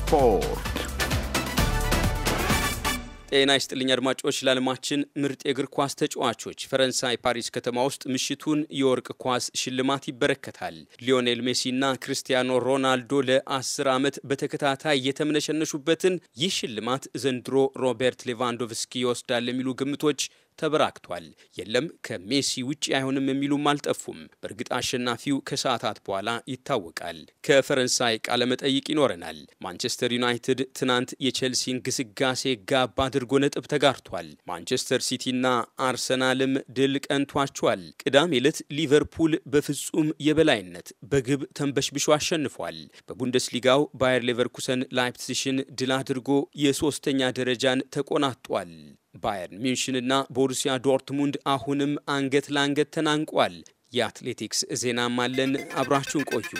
ስፖርት። ጤና ይስጥልኝ አድማጮች። ለዓለማችን ምርጥ የእግር ኳስ ተጫዋቾች ፈረንሳይ ፓሪስ ከተማ ውስጥ ምሽቱን የወርቅ ኳስ ሽልማት ይበረከታል። ሊዮኔል ሜሲና ክርስቲያኖ ሮናልዶ ለአስር ዓመት በተከታታይ የተምነሸነሹበትን ይህ ሽልማት ዘንድሮ ሮበርት ሌቫንዶቭስኪ ይወስዳል የሚሉ ግምቶች ተበራክቷል። የለም ከሜሲ ውጭ አይሆንም የሚሉም አልጠፉም። በእርግጥ አሸናፊው ከሰዓታት በኋላ ይታወቃል። ከፈረንሳይ ቃለመጠይቅ ይኖረናል። ማንቸስተር ዩናይትድ ትናንት የቼልሲን ግስጋሴ ጋብ አድርጎ ነጥብ ተጋርቷል። ማንቸስተር ሲቲና አርሰናልም ድል ቀንቷቸዋል። ቅዳሜ ዕለት ሊቨርፑል በፍጹም የበላይነት በግብ ተንበሽብሾ አሸንፏል። በቡንደስሊጋው ባየር ሌቨርኩሰን ላይፕሲሽን ድል አድርጎ የሶስተኛ ደረጃን ተቆናጧል። ባየርን ሚንሽንና ቦሩሲያ ዶርትሙንድ አሁንም አንገት ለአንገት ተናንቋል። የአትሌቲክስ ዜናም አለን። አብራችሁን ቆዩ።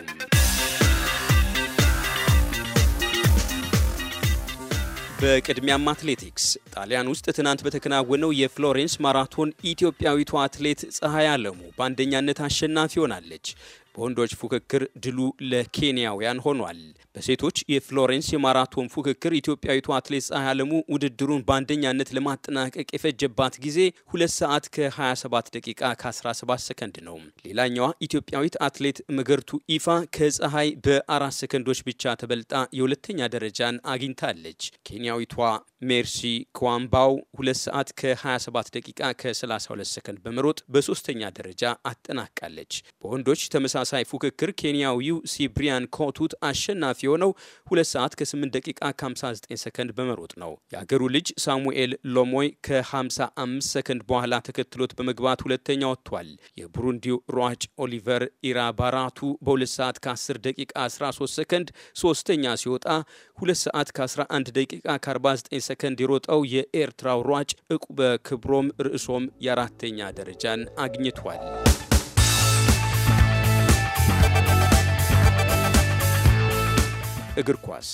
በቅድሚያም አትሌቲክስ ጣሊያን ውስጥ ትናንት በተከናወነው የፍሎሬንስ ማራቶን ኢትዮጵያዊቱ አትሌት ፀሐይ አለሙ በአንደኛነት አሸናፊ ሆናለች። በወንዶች ፉክክር ድሉ ለኬንያውያን ሆኗል። በሴቶች የፍሎሬንስ የማራቶን ፉክክር ኢትዮጵያዊቱ አትሌት ፀሐይ አለሙ ውድድሩን በአንደኛነት ለማጠናቀቅ የፈጀባት ጊዜ ሁለት ሰዓት ከ27 ደቂቃ ከ17 ሰከንድ ነው። ሌላኛዋ ኢትዮጵያዊት አትሌት መገርቱ ኢፋ ከፀሐይ በአራት ሰከንዶች ብቻ ተበልጣ የሁለተኛ ደረጃን አግኝታለች። ኬንያዊቷ ሜርሲ ኳምባው ሁለት ሰዓት ከ27 ደቂቃ ከ32 ሰከንድ በመሮጥ በሶስተኛ ደረጃ አጠናቃለች። በወንዶች ተመሳሳይ ፉክክር ኬንያዊው ሲብሪያን ኮቱት አሸናፊ አሸናፊ የሆነው ሁለት ሰዓት ከ8 ደቂቃ ከ59 ሰከንድ በመሮጥ ነው። የአገሩ ልጅ ሳሙኤል ሎሞይ ከ55 ሰከንድ በኋላ ተከትሎት በመግባት ሁለተኛ ወጥቷል። የቡሩንዲው ሯጭ ኦሊቨር ኢራባራቱ በ2 ሰዓት ከ10 ደቂቃ 13 ሰከንድ ሶስተኛ ሲወጣ 2 ሰዓት ከ11 ደቂቃ ከ49 ሰከንድ የሮጠው የኤርትራው ሯጭ እቁበ ክብሮም ርዕሶም የአራተኛ ደረጃን አግኝቷል። እግር ኳስ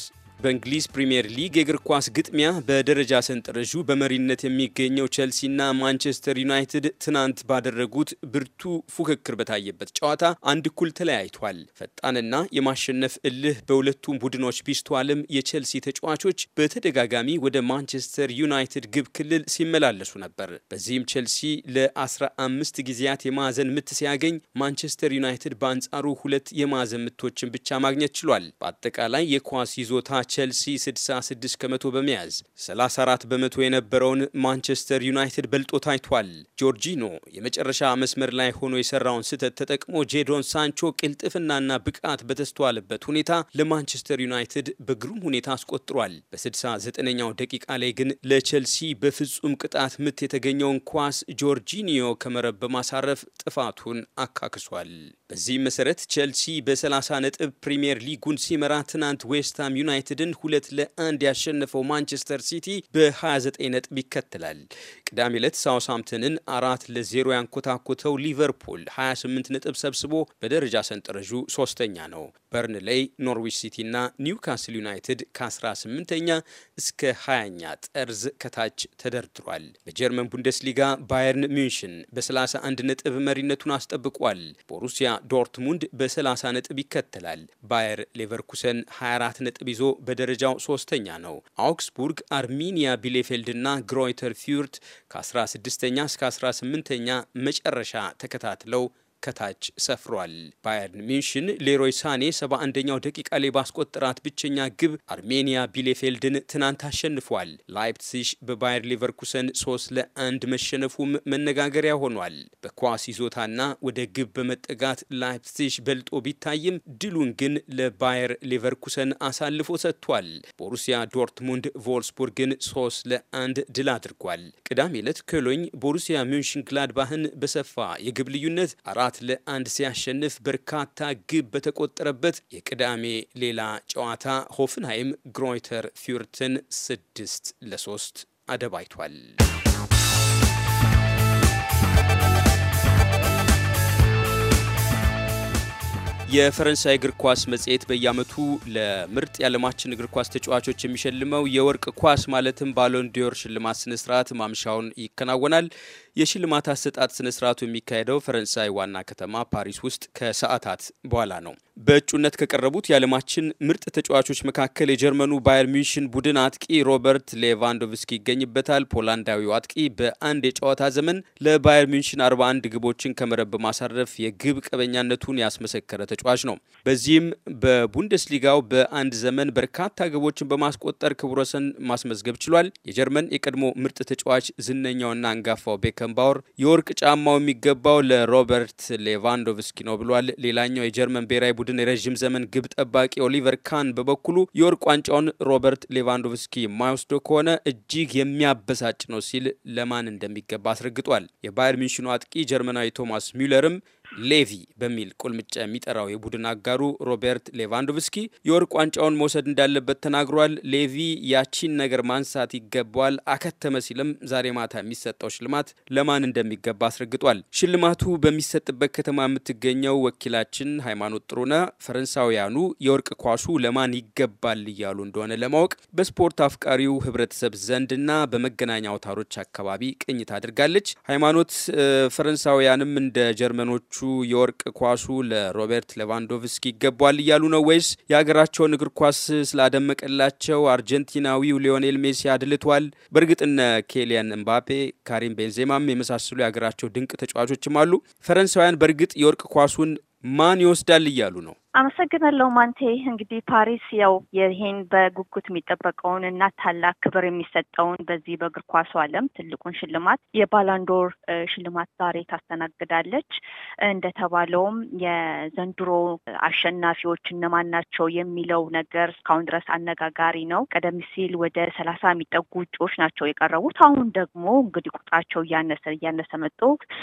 በእንግሊዝ ፕሪምየር ሊግ የእግር ኳስ ግጥሚያ በደረጃ ሰንጠረዡ በመሪነት የሚገኘው ቸልሲና ማንቸስተር ዩናይትድ ትናንት ባደረጉት ብርቱ ፉክክር በታየበት ጨዋታ አንድ እኩል ተለያይቷል። ፈጣንና የማሸነፍ እልህ በሁለቱም ቡድኖች ቢስተዋልም የቸልሲ ተጫዋቾች በተደጋጋሚ ወደ ማንቸስተር ዩናይትድ ግብ ክልል ሲመላለሱ ነበር። በዚህም ቸልሲ ለ15 ጊዜያት የማዕዘን ምት ሲያገኝ፣ ማንቸስተር ዩናይትድ በአንጻሩ ሁለት የማዕዘን ምቶችን ብቻ ማግኘት ችሏል። በአጠቃላይ የኳስ ይዞታ ቼልሲ 66 ከመቶ በመያዝ 34 በመቶ የነበረውን ማንቸስተር ዩናይትድ በልጦ ታይቷል። ጆርጂኖ የመጨረሻ መስመር ላይ ሆኖ የሰራውን ስህተት ተጠቅሞ ጄዶን ሳንቾ ቅልጥፍናና ብቃት በተስተዋለበት ሁኔታ ለማንቸስተር ዩናይትድ በግሩም ሁኔታ አስቆጥሯል። በ69ኛው ደቂቃ ላይ ግን ለቼልሲ በፍጹም ቅጣት ምት የተገኘውን ኳስ ጆርጂኒዮ ከመረብ በማሳረፍ ጥፋቱን አካክሷል። በዚህም መሰረት ቼልሲ በ30 ነጥብ ፕሪምየር ሊጉን ሲመራ ትናንት ዌስትሃም ዩናይትድ ዩናይትድን ሁለት ለአንድ ያሸነፈው ማንቸስተር ሲቲ በ29 ነጥብ ይከተላል። ቅዳሜ ዕለት ሳውስሃምፕተንን አራት ለዜሮ ያንኮታኮተው ሊቨርፑል 28 ነጥብ ሰብስቦ በደረጃ ሰንጠረዡ ሶስተኛ ነው። በርንሌይ፣ ኖርዊች ሲቲ እና ኒውካስል ዩናይትድ ከ18ኛ እስከ 20ኛ ጠርዝ ከታች ተደርድሯል። በጀርመን ቡንደስሊጋ ባየርን ሚንሽን በ31 ነጥብ መሪነቱን አስጠብቋል። ቦሩሲያ ዶርትሙንድ በ30 ነጥብ ይከተላል። ባየር ሌቨርኩሰን 24 ነጥብ ይዞ በደረጃው ሶስተኛ ነው። አውግስቡርግ፣ አርሚኒያ እና ግሮይተር ፊዩርት ከ16ኛ እስከ 18ኛ መጨረሻ ተከታትለው ከታች ሰፍሯል። ባየርን ሚንሽን ሌሮይ ሳኔ 71ኛው ደቂቃ ላይ ባስቆጠራት ብቸኛ ግብ አርሜኒያ ቢሌፌልድን ትናንት አሸንፏል። ላይፕሲሽ በባየር ሊቨርኩሰን ሶስት ለአንድ መሸነፉም መነጋገሪያ ሆኗል። በኳስ ይዞታና ወደ ግብ በመጠጋት ላይፕሲሽ በልጦ ቢታይም ድሉን ግን ለባየር ሊቨርኩሰን አሳልፎ ሰጥቷል። ቦሩሲያ ዶርትሙንድ ቮልስቡርግን ሶስት ለአንድ ድል አድርጓል። ቅዳሜ ዕለት ኮሎኝ ቦሩሲያ ግላድባህን በሰፋ የግብ ልዩነት አራት አራት ለአንድ ሲያሸንፍ በርካታ ግብ በተቆጠረበት የቅዳሜ ሌላ ጨዋታ ሆፍንሃይም ግሮይተር ፊርትን ስድስት ለሶስት አደባይቷል። የፈረንሳይ እግር ኳስ መጽሔት በየዓመቱ ለምርጥ የዓለማችን እግር ኳስ ተጫዋቾች የሚሸልመው የወርቅ ኳስ ማለትም ባሎን ዲዮር ሽልማት ስነስርዓት ማምሻውን ይከናወናል። የሽልማት አሰጣጥ ስነስርዓቱ የሚካሄደው ፈረንሳይ ዋና ከተማ ፓሪስ ውስጥ ከሰዓታት በኋላ ነው። በእጩነት ከቀረቡት የዓለማችን ምርጥ ተጫዋቾች መካከል የጀርመኑ ባየር ሚንሽን ቡድን አጥቂ ሮበርት ሌቫንዶቭስኪ ይገኝበታል። ፖላንዳዊው አጥቂ በአንድ የጨዋታ ዘመን ለባየር ሚንሽን 41 ግቦችን ከመረብ በማሳረፍ የግብ ቀበኛነቱን ያስመሰከረ ተጫዋች ነው። በዚህም በቡንደስሊጋው በአንድ ዘመን በርካታ ግቦችን በማስቆጠር ክብረ ወሰን ማስመዝገብ ችሏል። የጀርመን የቀድሞ ምርጥ ተጫዋች ዝነኛውና አንጋፋው ቤከንባወር የወርቅ ጫማው የሚገባው ለሮበርት ሌቫንዶቭስኪ ነው ብሏል። ሌላኛው የጀርመን ብሔራዊ ቡድን የረዥም ዘመን ግብ ጠባቂ ኦሊቨር ካን በበኩሉ የወርቅ ዋንጫውን ሮበርት ሌቫንዶቭስኪ የማይወስደው ከሆነ እጅግ የሚያበሳጭ ነው ሲል ለማን እንደሚገባ አስረግጧል። የባየር ሚንሽኑ አጥቂ ጀርመናዊ ቶማስ ሚለርም ሌቪ በሚል ቁልምጫ የሚጠራው የቡድን አጋሩ ሮቤርት ሌቫንዶቭስኪ የወርቅ ዋንጫውን መውሰድ እንዳለበት ተናግሯል። ሌቪ ያቺን ነገር ማንሳት ይገባዋል አከተመ ሲልም ዛሬ ማታ የሚሰጠው ሽልማት ለማን እንደሚገባ አስረግጧል። ሽልማቱ በሚሰጥበት ከተማ የምትገኘው ወኪላችን ሃይማኖት ጥሩነ ፈረንሳውያኑ የወርቅ ኳሱ ለማን ይገባል እያሉ እንደሆነ ለማወቅ በስፖርት አፍቃሪው ህብረተሰብ ዘንድና በመገናኛ አውታሮች አካባቢ ቅኝት አድርጋለች። ሃይማኖት ፈረንሳውያንም እንደ ጀርመኖቹ የወርቅ ኳሱ ለሮቤርት ሌቫንዶቭስኪ ይገባል እያሉ ነው ወይስ የሀገራቸውን እግር ኳስ ስላደመቀላቸው አርጀንቲናዊው ሊዮኔል ሜሲ አድልቷል? በእርግጥነ ኬሊያን እምባፔ፣ ካሪም ቤንዜማም የመሳሰሉ የሀገራቸው ድንቅ ተጫዋቾችም አሉ። ፈረንሳውያን በእርግጥ የወርቅ ኳሱን ማን ይወስዳል እያሉ ነው? አመሰግናለሁ ማንቴ። እንግዲህ ፓሪስ ያው ይህን በጉጉት የሚጠበቀውን እና ታላቅ ክብር የሚሰጠውን በዚህ በእግር ኳሱ ዓለም ትልቁን ሽልማት የባላንዶር ሽልማት ዛሬ ታስተናግዳለች። እንደተባለውም የዘንድሮ አሸናፊዎች እነማን ናቸው የሚለው ነገር እስካሁን ድረስ አነጋጋሪ ነው። ቀደም ሲል ወደ ሰላሳ የሚጠጉ እጩዎች ናቸው የቀረቡት። አሁን ደግሞ እንግዲህ ቁጥራቸው እያነሰ እያነሰ መጡ።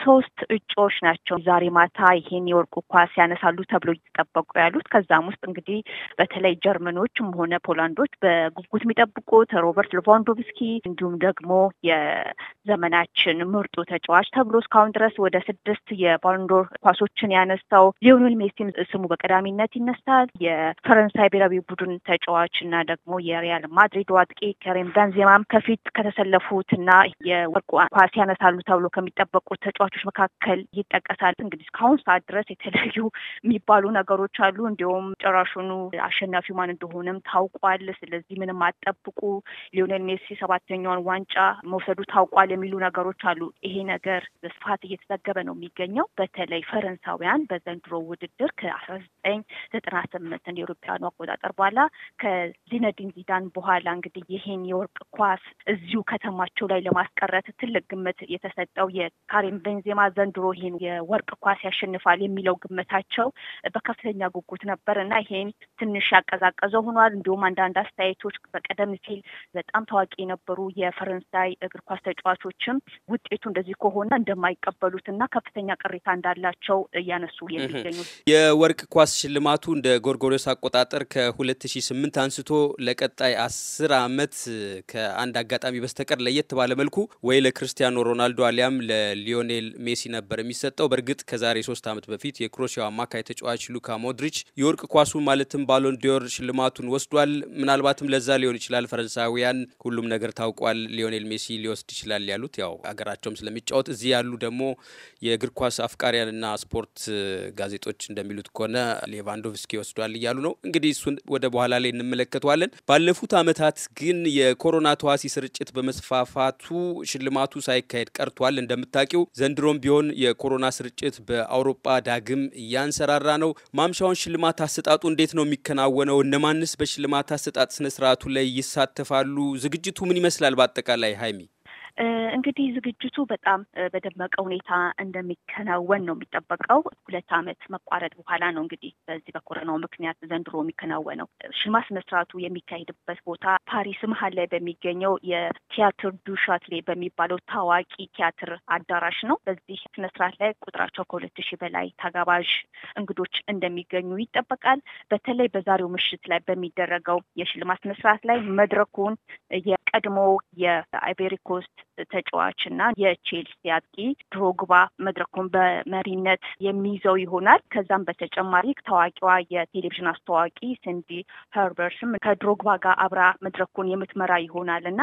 ሶስት እጩዎች ናቸው ዛሬ ማታ ይሄን የወርቁ ኳስ ያነሳሉ ተብሎ ይጠበቁ ያሉት። ከዛም ውስጥ እንግዲህ በተለይ ጀርመኖችም ሆነ ፖላንዶች በጉጉት የሚጠብቁት ሮበርት ሌቫንዶቭስኪ እንዲሁም ደግሞ የዘመናችን ምርጡ ተጫዋች ተብሎ እስካሁን ድረስ ወደ ስድስት የባሎንዶር ኳሶችን ያነሳው ሊዮኔል ሜሲም ስሙ በቀዳሚነት ይነሳል። የፈረንሳይ ብሔራዊ ቡድን ተጫዋች እና ደግሞ የሪያል ማድሪድ አጥቂ ከሬም ቤንዜማም ከፊት ከተሰለፉት እና የወርቁ ኳስ ያነሳሉ ተብሎ ከሚጠበቁት ተጫዋቾች መካከል ይጠቀሳል። እንግዲህ እስካሁን ሰዓት ድረስ የተለያዩ የሚባሉ ነገሮች አሉ። ይችላሉ። እንዲሁም ጨራሹኑ አሸናፊው ማን እንደሆነም ታውቋል። ስለዚህ ምንም አጠብቁ ሊዮኔል ሜሲ ሰባተኛውን ዋንጫ መውሰዱ ታውቋል የሚሉ ነገሮች አሉ። ይሄ ነገር በስፋት እየተዘገበ ነው የሚገኘው። በተለይ ፈረንሳውያን በዘንድሮ ውድድር ከአስራ ዘጠኝ ዘጠና ስምንት እንደ አቆጣጠር በኋላ ከዚነዲን ዚዳን በኋላ እንግዲህ ይሄን የወርቅ ኳስ እዚሁ ከተማቸው ላይ ለማስቀረት ትልቅ ግምት የተሰጠው የካሪም ቤንዜማ ዘንድሮ ይህን የወርቅ ኳስ ያሸንፋል የሚለው ግምታቸው በከፍተኛ በጉጉት ነበር እና ይሄን ትንሽ ያቀዛቀዘ ሆኗል። እንዲሁም አንዳንድ አስተያየቶች በቀደም ሲል በጣም ታዋቂ የነበሩ የፈረንሳይ እግር ኳስ ተጫዋቾችም ውጤቱ እንደዚህ ከሆነ እንደማይቀበሉት እና ከፍተኛ ቅሬታ እንዳላቸው እያነሱ የሚገኙት የወርቅ ኳስ ሽልማቱ እንደ ጎርጎሮስ አቆጣጠር ከሁለት ሺ ስምንት አንስቶ ለቀጣይ አስር አመት ከአንድ አጋጣሚ በስተቀር ለየት ባለ መልኩ ወይ ለክርስቲያኖ ሮናልዶ አሊያም ለሊዮኔል ሜሲ ነበር የሚሰጠው። በእርግጥ ከዛሬ ሶስት አመት በፊት የክሮኤሽያው አማካይ ተጫዋች ሉካ ሞድሪ ሞድሪች የወርቅ ኳሱን ማለትም ባሎን ዲዮር ሽልማቱን ወስዷል። ምናልባትም ለዛ ሊሆን ይችላል ፈረንሳዊያን ሁሉም ነገር ታውቋል፣ ሊዮኔል ሜሲ ሊወስድ ይችላል ያሉት ያው አገራቸውም ስለሚጫወት እዚህ ያሉ ደግሞ የእግር ኳስ አፍቃሪያንና ስፖርት ጋዜጦች እንደሚሉት ከሆነ ሌቫንዶቭስኪ ወስዷል እያሉ ነው። እንግዲህ እሱን ወደ በኋላ ላይ እንመለከተዋለን። ባለፉት አመታት ግን የኮሮና ተዋሲ ስርጭት በመስፋፋቱ ሽልማቱ ሳይካሄድ ቀርቷል። እንደምታውቂው ዘንድሮም ቢሆን የኮሮና ስርጭት በአውሮፓ ዳግም እያንሰራራ ነው። ማምሻውን አሁን ሽልማት አሰጣጡ እንዴት ነው የሚከናወነው? እነማንስ በሽልማት አሰጣጥ ስነስርዓቱ ላይ ይሳተፋሉ? ዝግጅቱ ምን ይመስላል? በአጠቃላይ ሀይሚ እንግዲህ ዝግጅቱ በጣም በደመቀ ሁኔታ እንደሚከናወን ነው የሚጠበቀው። ሁለት ዓመት መቋረጥ በኋላ ነው እንግዲህ በዚህ በኮረናው ምክንያት ዘንድሮ የሚከናወነው። ሽልማት ስነ የሚካሄድበት ቦታ ፓሪስ መሀል ላይ በሚገኘው የቲያትር ዱሻትሌ በሚባለው ታዋቂ ቲያትር አዳራሽ ነው። በዚህ ስነ ላይ ቁጥራቸው ከሁለት ሺህ በላይ ተጋባዥ እንግዶች እንደሚገኙ ይጠበቃል። በተለይ በዛሬው ምሽት ላይ በሚደረገው የሽልማት ስነ ላይ መድረኩን የቀድሞ የአይቬሪኮስት ተጫዋች የቼልሲ አጥቂ ድሮግባ መድረኩን በመሪነት የሚይዘው ይሆናል። ከዛም በተጨማሪ ታዋቂዋ የቴሌቪዥን አስተዋቂ ሲንዲ ሄርበርስም ከድሮግባ ጋር አብራ መድረኩን የምትመራ ይሆናል እና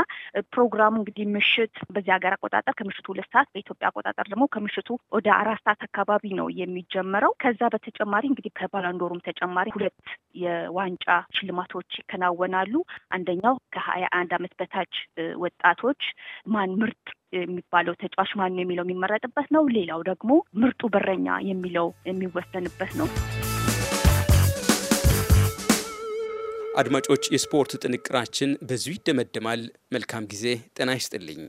ፕሮግራሙ እንግዲህ ምሽት በዚህ ሀገር አቆጣጠር ከምሽቱ ሁለት ሰዓት በኢትዮጵያ አቆጣጠር ደግሞ ከምሽቱ ወደ አራት ሰዓት አካባቢ ነው የሚጀመረው። ከዛ በተጨማሪ እንግዲህ ከባላንዶሩም ተጨማሪ ሁለት የዋንጫ ሽልማቶች ይከናወናሉ። አንደኛው ከሀያ አንድ አመት በታች ወጣቶች ማን ምርጥ የሚባለው ተጫዋች ማን ነው የሚለው የሚመረጥበት ነው። ሌላው ደግሞ ምርጡ በረኛ የሚለው የሚወሰንበት ነው። አድማጮች፣ የስፖርት ጥንቅራችን በዚሁ ይደመደማል። መልካም ጊዜ። ጤና ይስጥልኝ።